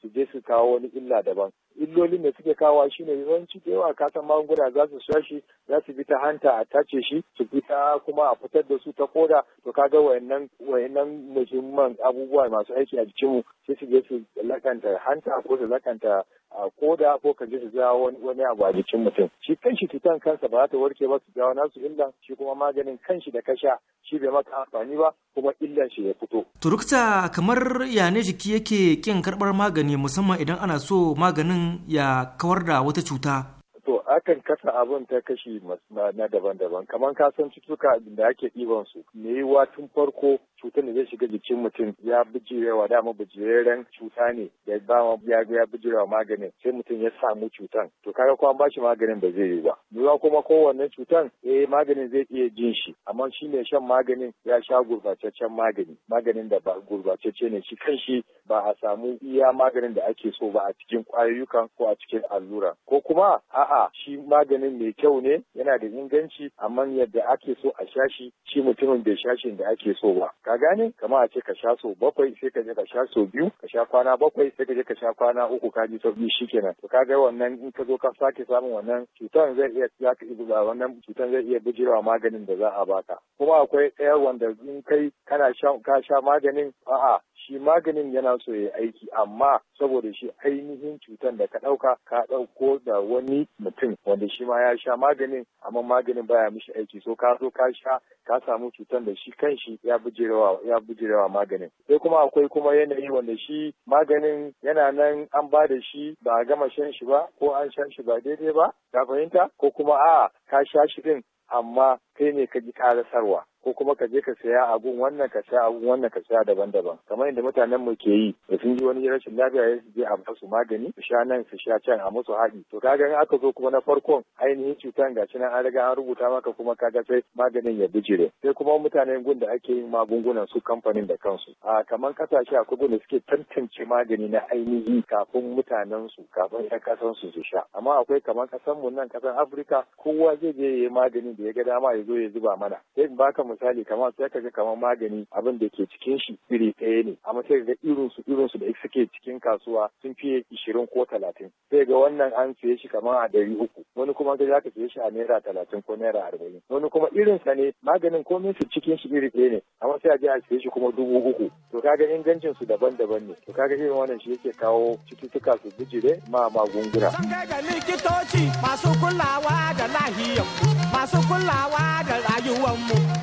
su je su kawo wani illa daban illolin da suke kawo shine yawanci da yawa kasan magunguna za su sha shi za su bi ta hanta a tace shi su fita kuma a fitar da su ta koda to kaga wayannan wayannan muhimman abubuwa masu aiki a jikinmu sai su je su lakanta hanta ko su lakanta a ko da ko ka ji su ja wani abu a jikin mutum shi kanshi cutan kansa ba za ta warke ba su wani su illan shi kuma maganin kanshi da kasha shi bai maka amfani ba kuma illan shi ya fito. turukta kamar ya ne jiki yake kin karbar magani musamman idan ana so maganin ya kawar da wata cuta to akan kasa abun ta kashi na daban-daban kamar ka san cututtuka da ake ɗiban su me yiwa tun farko cutar da zai shiga jikin mutum ya bijirewa dama bijireren cuta ne da ba ya ga ya bijirewa maganin sai mutum ya samu cutan to kaga ko ba shi maganin ba zai yi ba duba kuma kowanne cutan eh maganin zai iya jin shi amma shi ne shan maganin ya sha gurbataccen magani maganin da ba gurbatacce ne shi shi ba a samu iya maganin da ake so ba a cikin kwayoyukan ko a cikin allura ko kuma a'a shi maganin mai kyau ne yana da inganci amma yadda ake so a sha shi shi mutumin bai sha da ake so ba ka gane kama a ce ka sha so bakwai sai ka je ka sha so biyu ka sha kwana bakwai sai ka je ka sha kwana uku ka ji sauki kenan. to ka ga wannan in ka zo ka sake samun wannan cutan zai iya za ka iya wannan cutar zai iya bijirewa maganin da za a baka kuma akwai ɗaya wanda in kai kana sha ka sha maganin a'a shi maganin yana so ya aiki amma saboda shi ainihin cutar da ka ɗauka ka ɗauko da wani mutum wanda shi ma ya sha maganin amma maganin baya mishi aiki so ka zo ka sha ka samu cutar da shi kanshi ya bujirewa ya bujirewa maganin sai kuma akwai kuma yanayi wanda shi maganin yana nan an ba da shi ba a gama shan shi ba ko an shan shi ba daidai ba ka fahimta ko kuma a ka sha shi din amma kai ne ka ji karasarwa ko kuma ka je ka saya abun wannan ka sha abun wannan ka sha daban-daban kamar inda mutanen mu ke yi da sun ji wani rashin lafiya ya su je a musu magani su sha nan su sha can a musu haɗi to kaga in aka zo kuma na farkon ainihin cutan ga nan an riga an rubuta maka kuma kaga sai maganin ya bijire sai kuma mutanen gun da ake yin magungunan su kamfanin da kansu a kamar kasashe akwai gun da suke tantance magani na ainihi kafin mutanen su kafin ya kasan su su sha amma akwai kamar kasan mu nan kasan Afirka kowa zai je ya yi magani da ya ga dama ya zo ya zuba mana sai baka misali kamar sai ka ga kamar magani abin da ke cikin shi iri ɗaya ne amma sai ga irin su irin su da suke cikin kasuwa sun fiye ishirin ko talatin sai ga wannan an siye shi kamar a ɗari uku wani kuma ga za ka siye shi a naira talatin ko naira arba'in wani kuma irin sa ne maganin komai su cikin shi iri ɗaya ne amma sai a je a siye shi kuma dubu uku to kaga ingancin su daban-daban ne to kaga irin wannan shi yake kawo cututtuka su bijire ma magunguna. Sun kai ga likitoci masu kulawa da lahiyar masu kulawa To da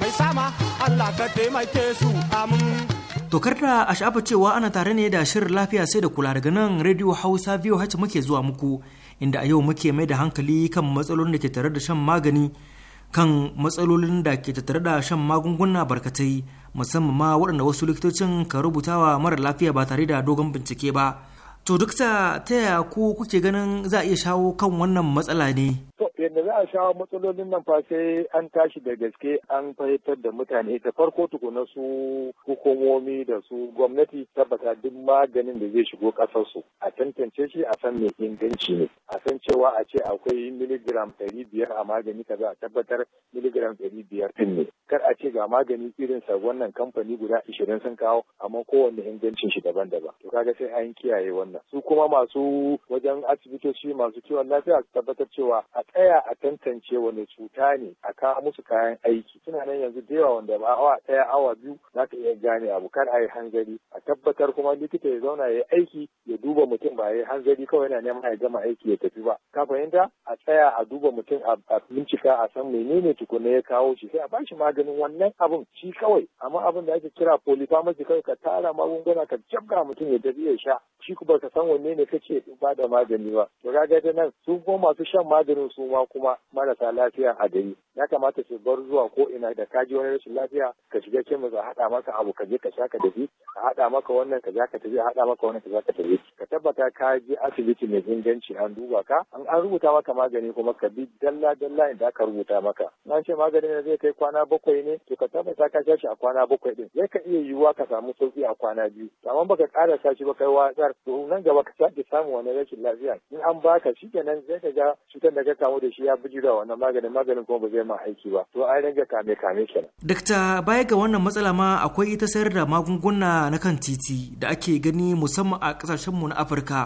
mai sama ka a sha'afa cewa ana tare ne da shirin lafiya sai da kula daga nan Radio Hausa biyu VOH muke zuwa muku inda a yau muke mai da hankali kan matsalolin da ke tare da shan magani kan matsalolin da ke tattare da shan magunguna barkatai musamman ma waɗanda wasu likitocin ka rubutawa mara lafiya ba tare da dogon bincike ba. To duk ta yaya ku kuke ganin za a iya shawo kan wannan matsala ne? yadda za a shawo matsalolin nan fa sai an tashi da gaske an fahimtar da mutane ta farko tukuna su hukumomi da su gwamnati tabbata duk maganin da zai shigo kasar su a tantance shi a san mai inganci ne a san cewa a ce akwai miligram ɗari biyar a magani kaza a tabbatar miligram ɗari biyar ɗin ne kar a ce ga magani irin sa wannan kamfani guda ishirin sun kawo amma kowanne ingancin shi daban-daban to kaga sai an kiyaye wannan su kuma masu wajen asibitoci masu kiwon lafiya su tabbatar cewa a tsaya a tantance wani cuta ne a kawo musu kayan aiki suna nan yanzu da yawa wanda ba awa ɗaya awa biyu za ka iya gane abu kar a yi hanzari a tabbatar kuma likita ya zauna ya yi aiki ya duba mutum ba ya yi hanzari kawai yana neman ya gama aiki ya tafi ba ka fahimta a tsaya a duba mutum a bincika a san menene tukuna ya kawo shi sai a bashi maganin wannan abun shi kawai amma abin da ake kira polypharmacy kawai ka tara magunguna ka jabga mutum ya tafi ya sha shi kuma ka san wanne ne kace ba da magani ba to kaga nan su kuma masu shan maganin su suma kuma marasa lafiya a gari ya kamata su bar zuwa ko ina da ka ji wani rashin lafiya ka shiga kemis a haɗa maka abu ka je ka sha ka tafi a haɗa maka wannan ka za ka tafi a haɗa maka wannan ka za ka tafi ka tabbata ka je asibiti mai inganci an duba ka an an rubuta maka magani kuma ka bi dalla dalla inda aka rubuta maka an ce maganin da zai kai kwana bakwai ne to ka tabbata ka sha shi a kwana bakwai din zai ka iya yiwuwa ka samu sauki a kwana biyu amma baka ƙara sa shi ba kai watsar to nan gaba ka sake samu wani rashin lafiya in an baka shi kenan zai ka ga cutar da ka kamu da shi ya bijira wannan maganin maganin kuma ba zai ma aiki ba to an ringa kame kame kenan dakta baya ga wannan matsala ma akwai ita sayar da magunguna na kan titi da ake gani musamman a kasashen mu na Afirka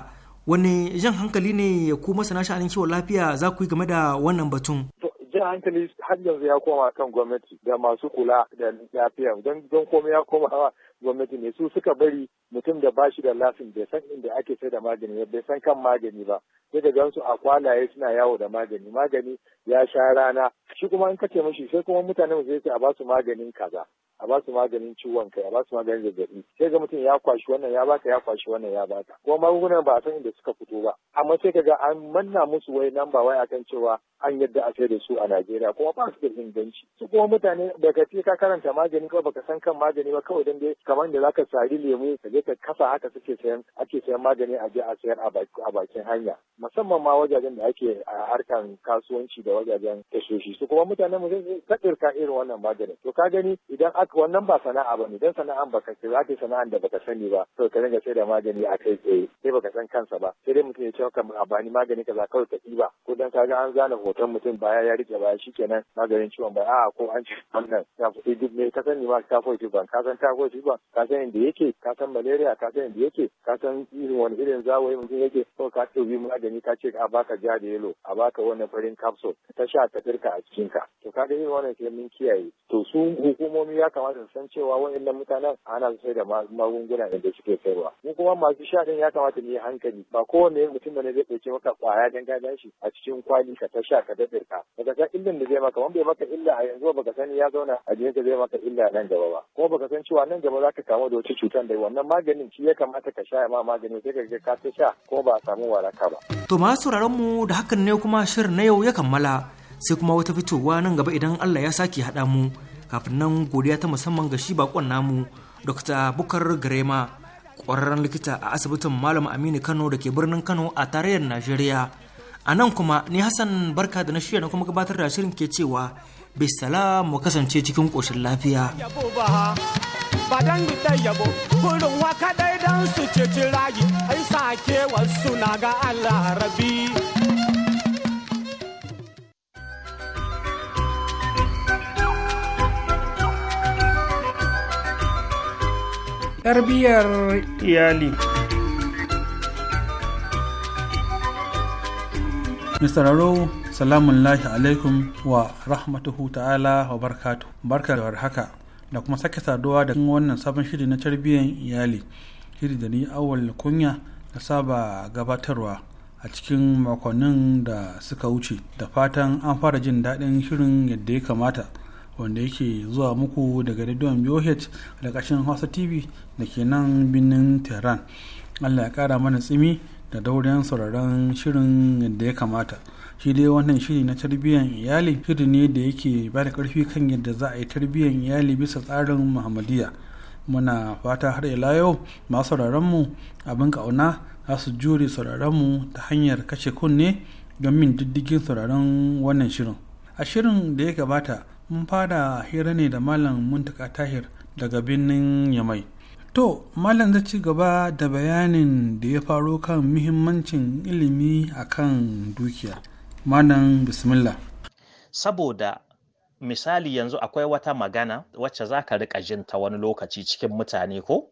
wani jan hankali ne ku masana sha'anin kiwon lafiya za ku yi game da wannan batun jan hankali har yanzu ya koma kan gwamnati da masu kula da lafiya don komai ya koma gwamnati ne su suka bari mutum da bashi da lasin bai san inda ake sai da magani bai san kan magani ba sai da gansu a kwalaye suna yawo da magani magani ya sha rana shi kuma in ka ce mashi sai kuma mutane mu sai a basu maganin kaza a ba maganin ciwon kai a ba maganin zazzabi sai ga mutum ya kwashi wannan ya baka ya kwashi wannan ya baka kuma magungunan ba a san inda suka fito ba amma sai kaga an manna musu wai nan ba wai akan cewa an yadda a da su a Najeriya kuma ba su da inganci su kuma mutane daga ce ka karanta magani kawai baka san kan magani ba kawai dan dai kamar da zaka sari lemu ka je ka kasa haka suke sayan ake sayan magani a je a sayar a bakin hanya musamman ma wajajen da ake a harkan kasuwanci da wajajen tashoshi su kuma mutanen mu sai ka irin wannan magani to ka gani idan aka wannan ba sana'a ba ne dan sana'an baka ce zaka yi sana'an da baka sani ba to ka ringa sai da magani a kai tsaye sai baka san kansa ba sai dai mutum ya ce ka a bani magani kaza kawai ka ba. ko dan ka ga an zana hoton mutum baya ya rike baya shikenan maganin ciwon baya a ko an ci wannan ya eh, duk ka sani ma ka ban ka san ta shi ban ka san inda yake ka san malaria ka san inda yake ka san irin wani irin zawayi mutum yake ko ka biyu magani ka ce a baka ja da yelo a baka wannan farin capsule ta sha ta firka a cikin ka to ka ga irin wannan sai mun kiyaye to su hukumomi ya kamata su san cewa waɗannan mutanen ana sai da magunguna da suke sayarwa mu kuma masu sha din ya kamata mu yi hankali ba kowane mutum ne zai ɗauke maka kwaya dan gadan shi a cikin kwali ka ta sha ka daɗe ka daga san illan da zai maka wanda bai maka illa a yanzu baka sani ya zauna a jikin zai maka illa nan gaba ba kuma baka san cewa nan gaba za ka kamu da wata cutar da wannan maganin shi ya kamata ka sha ma maganin sai ka ga ka ta sha ko ba a samu waraka ba. To masu sauraron mu da hakan ne kuma shirin na yau ya kammala sai kuma wata fitowa nan gaba idan Allah ya sake haɗa mu kafin nan godiya ta musamman ga shi bakon namu Dr. Bukar Garema ƙwararren likita a asibitin Malam Aminu Kano da ke birnin Kano a tarayyar Najeriya. A nan kuma ni Hassan Barka da na shirya na kuma gabatar da shirin ke cewa bisala mu kasance cikin ƙoshin lafiya. ba dan da yabo gurin wa kadai dan su ceci rayu ai sake wasu na ga Allah rabi tarbiyyar iyali Mistararo, salamun lahi alaikum wa rahmatuhu ta'ala wa barkatu. Barka da haka. da kuma sake saduwa da wannan sabon shiri na tarbiyyar iyali shiri da ni awal kunya da saba gabatarwa a cikin makonnin da suka wuce da fatan an fara jin daɗin shirin yadda ya kamata wanda yake zuwa muku daga rediyon BOH da ƙashin Hausa TV da ke nan birnin Tehran. Allah ya ƙara mana tsimi da daurin sauraron shirin yadda ya kamata. shi dai wannan shiri na tarbiyyar iyali shiri ne da yake ba da karfi kan yadda za a yi tarbiyyar iyali bisa tsarin muhammadiyya muna fata har ila yau masu mu abin kauna za su jure mu ta hanyar kashe kunne don min diddigin sauraron wannan shirin a shirin da ya gabata mun fara hira ne da malam muntaka tahir daga birnin yamai to malam zai ci gaba da bayanin da ya faro kan muhimmancin ilimi akan dukiya manan bismillah saboda misali yanzu akwai wata magana wacce za ka riƙa jin ta wani lokaci cikin mutane ko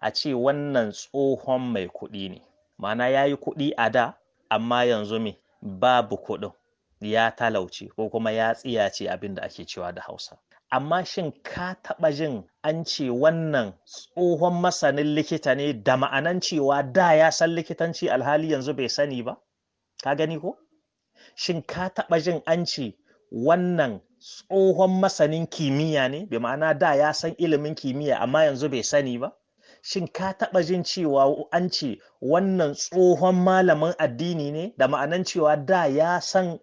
a ce wannan tsohon mai kuɗi ne mana ya yi kuɗi a da amma yanzu me babu kuɗin ya talauci ko kuma ya tsiyace abin da ake cewa da hausa amma shin ka taɓa jin an ce wannan tsohon masanin likita ne da ma'anan cewa da ya san likitanci alhali yanzu bai sani ba ka gani ko shin ka taɓa jin an ce wannan tsohon masanin kimiyya ne bi ma'ana da ya san ilimin kimiyya amma yanzu bai sani ba shin ka taɓa jin cewa an ce wannan tsohon malamin addini ne da ma'anan cewa da ya san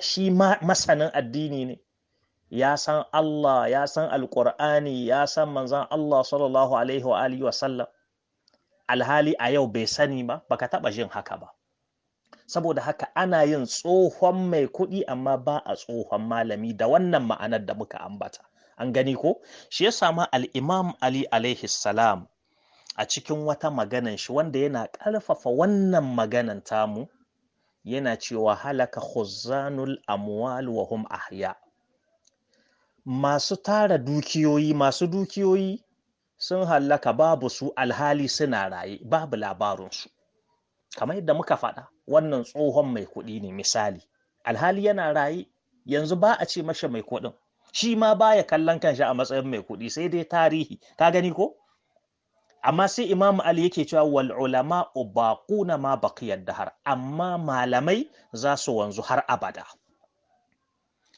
shi masanin addini ne ya san Allah ya san alƙur'ani ya san manzan Allah sallallahu alaihi wa alihi wa sallam alhali a yau bai sani ba baka taɓa jin haka ba saboda haka ana yin tsohon mai kuɗi amma ba a tsohon malami da wannan ma'anar da muka ambata an gani ko shi ya sami al'imam ali alaihi salam a cikin wata maganan shi wanda yana ƙarfafa wannan maganan tamu yana cewa halaka khuzanul amwal wa hum ahya masu tara dukiyoyi masu dukiyoyi sun hallaka babu su alhali suna raye babu labarinsu kamar yadda muka faɗa wannan tsohon mai kuɗi ne misali alhali yana raye yanzu ba a ce mashi mai kuɗin shi ma baya kallon kanshi a matsayin mai kuɗi sai dai tarihi ka gani ko amma sai imamu ali yake cewa wal ulama ubaquna ma baqiyad dahar amma malamai za su wanzu har abada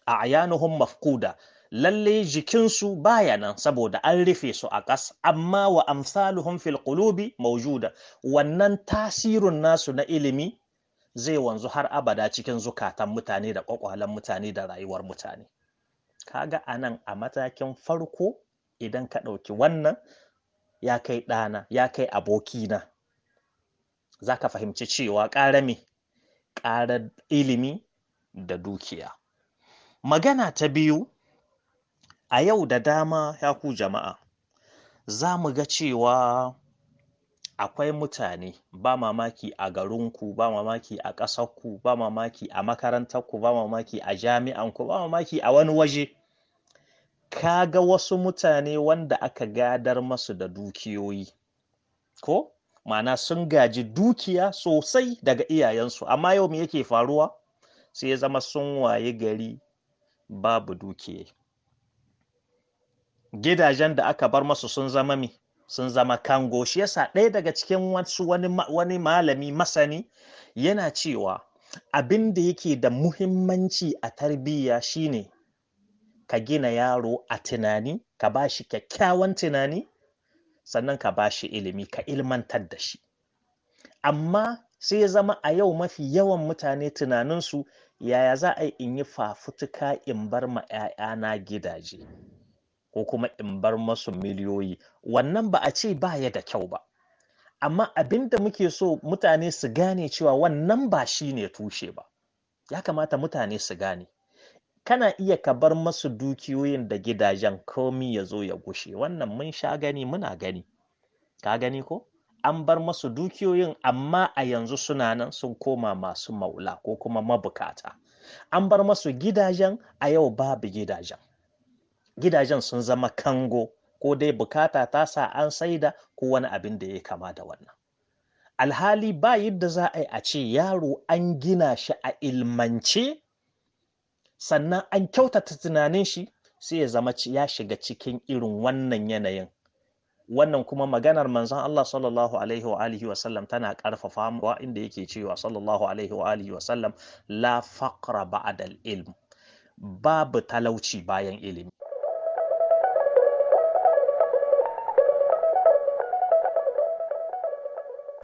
a ayanuhum mafquda lalle jikinsu baya nan saboda an rufe su a ƙas amma wa amsaluhum fil qulubi mawjuda wannan tasirin nasu na ilimi zai wanzu har abada cikin zukatan mutane da ƙwaƙwalen mutane da rayuwar mutane kaga a nan a matakin farko idan ka ɗauki wannan ya kai ɗana ya kai abokina za ka fahimci cewa ƙara me Ƙara ilimi da dukiya magana ta biyu a yau da dama ya ku jama'a za mu ga cewa akwai mutane ba mamaki a garinku ba mamaki a ƙasarku ba mamaki a makarantarku ba mamaki a jami'anku ba mamaki a wani waje ka ga wasu mutane wanda aka gadar masu da dukiyoyi ko mana sun gaji dukiya sosai daga iyayensu amma yau me yake faruwa sai ya zama sun waye gari babu dukiya gidajen da aka bar masu sun zama me sun zama kango shi yasa ɗaya daga cikin wasu wani, wani malami masani yana cewa abin da yake da muhimmanci a tarbiyya shine ka gina yaro a tunani ka ba shi kyakkyawan tunani sannan ka ba shi ilimi ka ilmantar da shi amma sai ya zama a yau mafi yawan mutane tunaninsu yaya za a yi in yi fafutuka in bar ma 'ya'yana gidaje ko kuma in bar masu miliyoyi wannan ba a ce baya da kyau ba amma abin da muke so mutane su gane cewa wannan ba shi ne tushe ba ya kamata mutane su gane kana iya ka bar masu dukiyoyin da gidajen komi ya zo ya gushe wannan mun sha gani muna gani ka gani ko an bar masu dukiyoyin amma a yanzu suna nan sun koma masu maula ko kuma mabukata an bar masu gidajen a yau babu gidajen gidajen sun zama kango ko dai bukata ta sa an saida ko wani abin da ya kama da wannan alhali ba yadda za a yi a ce yaro an gina shi a ilmance sannan an kyautata tunanin shi sai ya zama ya shiga cikin irin wannan yanayin wannan kuma maganar manzon Allah sallallahu alaihi wa alihi tana ƙarfafa wa inda yake cewa sallallahu alaihi wa alihi la faqra ba'adal ilm babu talauci bayan ilimi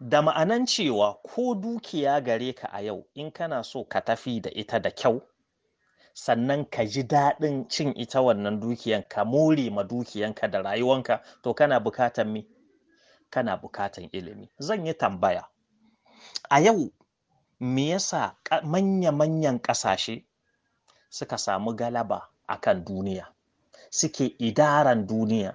da ma'anan cewa ko dukiya gare ka a yau in kana so ka tafi da ita da kyau sannan ka ji daɗin cin ita wannan dukiyan ka more ma dukiyanka da rayuwanka to kana bukatan mi? kana bukatan ilimi zan yi tambaya a yau me yasa manya-manyan ƙasashe suka samu galaba akan duniya suke idaran duniya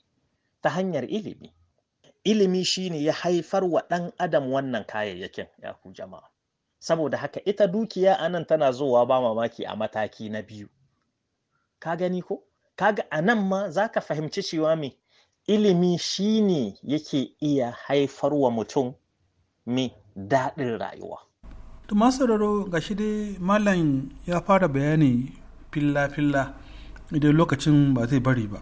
ta hanyar ilimi ilimi shine ya haifar wa ɗan adam wannan kayayyakin ya ku jama'a saboda haka ita dukiya a nan tana zowa ba mamaki a mataki na biyu ka gani ko kaga a nan ma za ka fahimci cewa me ilimi ne yake iya haifar wa mutum me daɗin rayuwa to masararo ga shi dai malam ya fara bayani filla-filla idan lokacin ba zai bari ba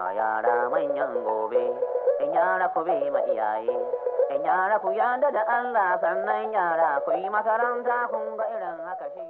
yara ku yada da Allah sannan yara ku yi makaranta kun ga irin haka shi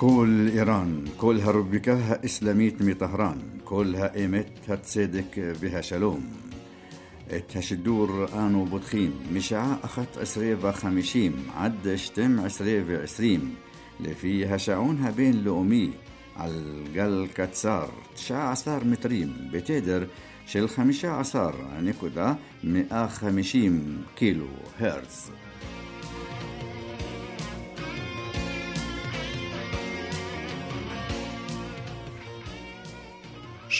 كل إيران كل هربك إسلاميت مي طهران كل ها إيمت هتصدق بها شلوم الدور آنو بطخيم مشاعة أخت عسرية وخمشيم عد شتم عسرية وعسريم لفيها هشعون بين لومي على قل كتسار تشاع عصار متريم بتدر شل خمشة عصار نكودا مئة خمشيم كيلو هرتز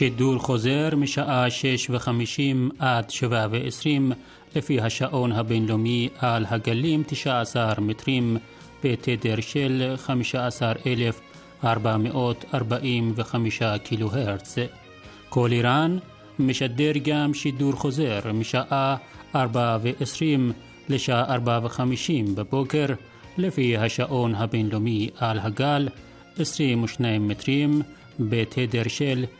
שידור חוזר משעה שש וחמישים עד שבע ועשרים לפי השעון הבינלאומי על הגלים 19 מטרים בתדר של 15,445 קילו הרץ. כל איראן משדר גם שידור חוזר משעה 4 ו לשעה 4 ו בבוקר לפי השעון הבינלאומי על הגל 22 מטרים בתדר של 15,445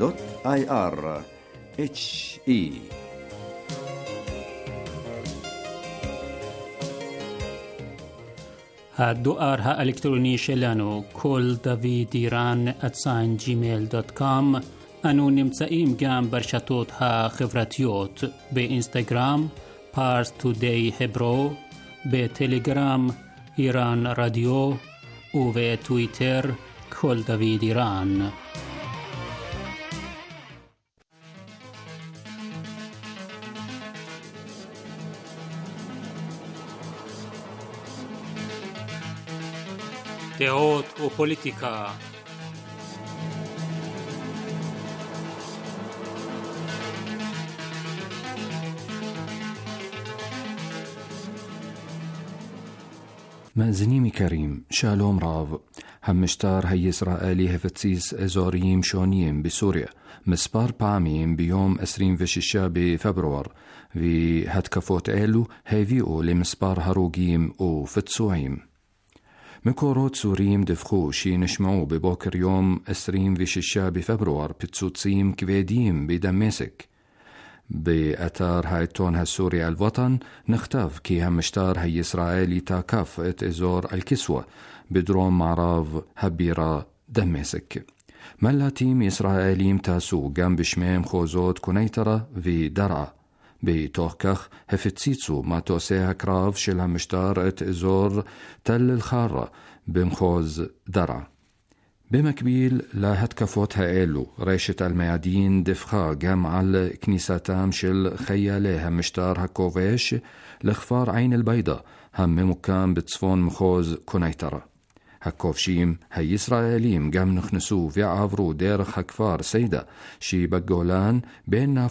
www.hr.ir H-E. دو ها الکترونی شلانو کل داوید ایران اتسان جیمیل دوت کام انو نمتا گم گام برشتوت ها خفرتیوت به انستگرام پارس تو دی هبرو به تلگرام ایران رادیو و به تویتر کل دوید کل ایران דעות ופוליטיקה. مأزنيمي كريم شالوم راف همشتار هي إسرائيلي هفتسيس أزوريم شونيم بسوريا مسبار بعميم بيوم 26 بفبراير في هتكفوت إلو هيفيو لمسبار هروجيم وفتسوعيم مكوروت سوريم دفخو شي نشمعو ببوكر يوم اسريم في ششا بفبروار بتسوتسيم كفيديم بدمسك بأتار هايتون هالسوري الوطن نختاف كي همشتار هي إسرائيلي تاكاف ات ازور الكسوة بدروم معراف هبيرة دمسك ملاتيم إسرائيليم تاسو جنب شميم خوزوت كنيترا في درعا بتوخخ هفتسيتسو ما توسيها كراف شلها مشتار ازور تل الخارة بمخوز درع بمكبيل لا هتكفوت هايلو ريشة الميادين دفخا جمع على كنيساتام شل خيالي همشتار هكوفيش لخفار عين البيضة هم مكان بتصفون مخوز كونيترا هكوفشيم هي إسرائيليم جام نخنسو في عفرو دير هكفار سيدة شي بقولان بيننا